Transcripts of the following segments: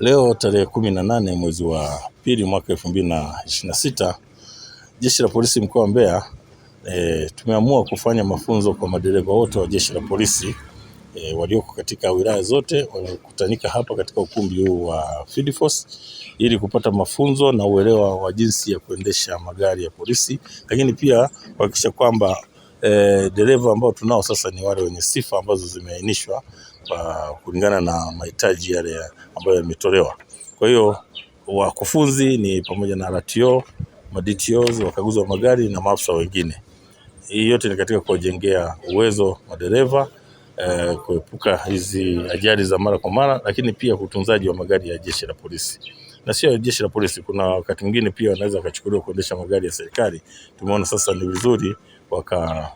Leo tarehe kumi na nane mwezi wa pili mwaka elfu mbili na ishirini na sita jeshi la polisi mkoa wa Mbeya e, tumeamua kufanya mafunzo kwa madereva wote wa jeshi la polisi e, walioko katika wilaya zote wamekutanika hapa katika ukumbi huu wa Field Force ili kupata mafunzo na uelewa wa jinsi ya kuendesha magari ya polisi, lakini pia kuhakikisha kwamba E, dereva ambao tunao sasa ni wale wenye sifa ambazo zimeainishwa kulingana na mahitaji yale ya ambayo yametolewa. Kwa hiyo wakufunzi ni pamoja na RTO, ma-DTOs, wakaguzi wa magari na maafisa wengine. Hii yote ni katika kuwajengea uwezo madereva eh, kuepuka hizi ajali za mara kwa mara, lakini pia utunzaji wa magari ya jeshi la polisi na sio jeshi la polisi. Kuna wakati mwingine pia wanaweza wakachukuliwa kuendesha magari ya serikali. Tumeona sasa ni vizuri wakazingatia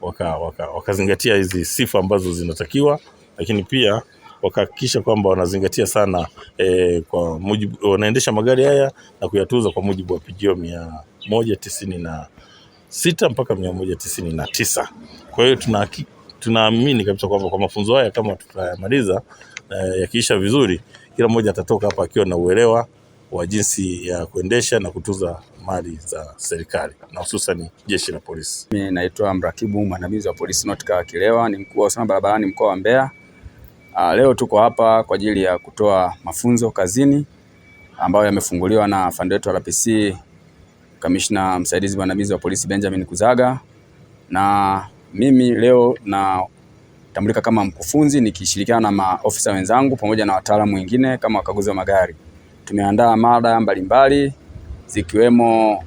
waka, waka, waka hizi sifa ambazo zinatakiwa, lakini pia wakahakikisha kwamba wanazingatia sana e, kwa mujibu, wanaendesha magari haya na kuyatuza kwa mujibu wa pigio mia moja tisini na sita mpaka mia moja tisini na tisa. Kwa hiyo tuna tunaamini kabisa kwamba kwa mafunzo haya kama tutayamaliza e, yakiisha vizuri, kila mmoja atatoka hapa akiwa na uelewa wa jinsi ya kuendesha na kutuza mali za serikali na hususan jeshi la polisi. Mimi naitwa mrakibu mwandamizi wa polisi Notka Kilewa, ni mkuu wa usalama barabarani mkoa wa Mbeya. Uh, leo tuko hapa kwa ajili ya kutoa mafunzo kazini ambayo yamefunguliwa na afande wetu RPC Kamishna Msaidizi Mwandamizi wa Polisi Benjamin Kuzaga, na mimi leo natambulika kama mkufunzi nikishirikiana na maofisa wenzangu pamoja na wataalamu wengine kama wakaguzi wa magari. Tumeandaa mada mbalimbali zikiwemo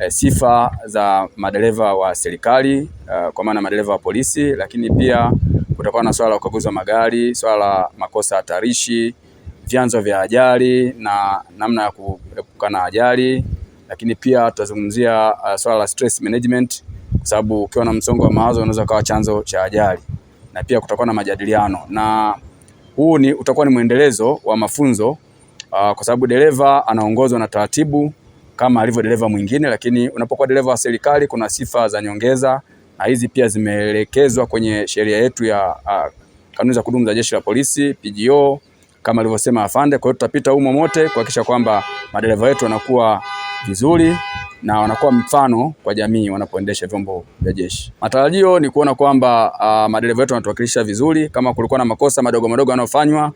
eh, sifa za madereva wa serikali e, kwa maana madereva wa polisi, lakini pia kutakuwa na swala la ukaguzi wa magari, swala la makosa hatarishi, vyanzo vya ajali na namna ya kuepukana na ajali, lakini pia tutazungumzia uh, swala la stress management, kwa sababu ukiwa na msongo wa mawazo unaweza kuwa chanzo cha ajali, na pia kutakuwa na majadiliano, na huu ni utakuwa ni mwendelezo wa mafunzo uh, kwa sababu dereva anaongozwa na taratibu kama alivyo dereva mwingine, lakini unapokuwa dereva wa serikali kuna sifa za nyongeza na hizi pia zimeelekezwa kwenye sheria yetu ya a, kanuni za kudumu za Jeshi la Polisi PGO kama alivyosema afande. Kwa hiyo tutapita humo mote kuhakikisha kwamba madereva wetu wanakuwa vizuri na wanakuwa mfano kwa jamii wanapoendesha vyombo vya jeshi. Matarajio ni kuona kwamba madereva wetu wanatuwakilisha vizuri. Kama kulikuwa na makosa madogo madogo yanayofanywa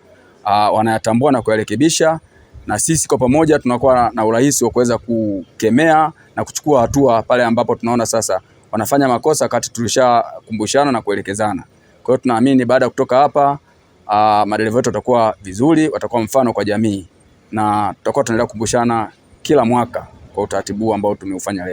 wanayatambua na kuyarekebisha, na sisi kwa pamoja tunakuwa na urahisi wa kuweza kukemea na kuchukua hatua pale ambapo tunaona sasa wanafanya makosa wakati tulishakumbushana na kuelekezana. Kwa hiyo tunaamini baada ya kutoka hapa uh, madereva wetu watakuwa vizuri, watakuwa mfano kwa jamii na tutakuwa tunaendelea kukumbushana kila mwaka kwa utaratibu ambao tumeufanya leo.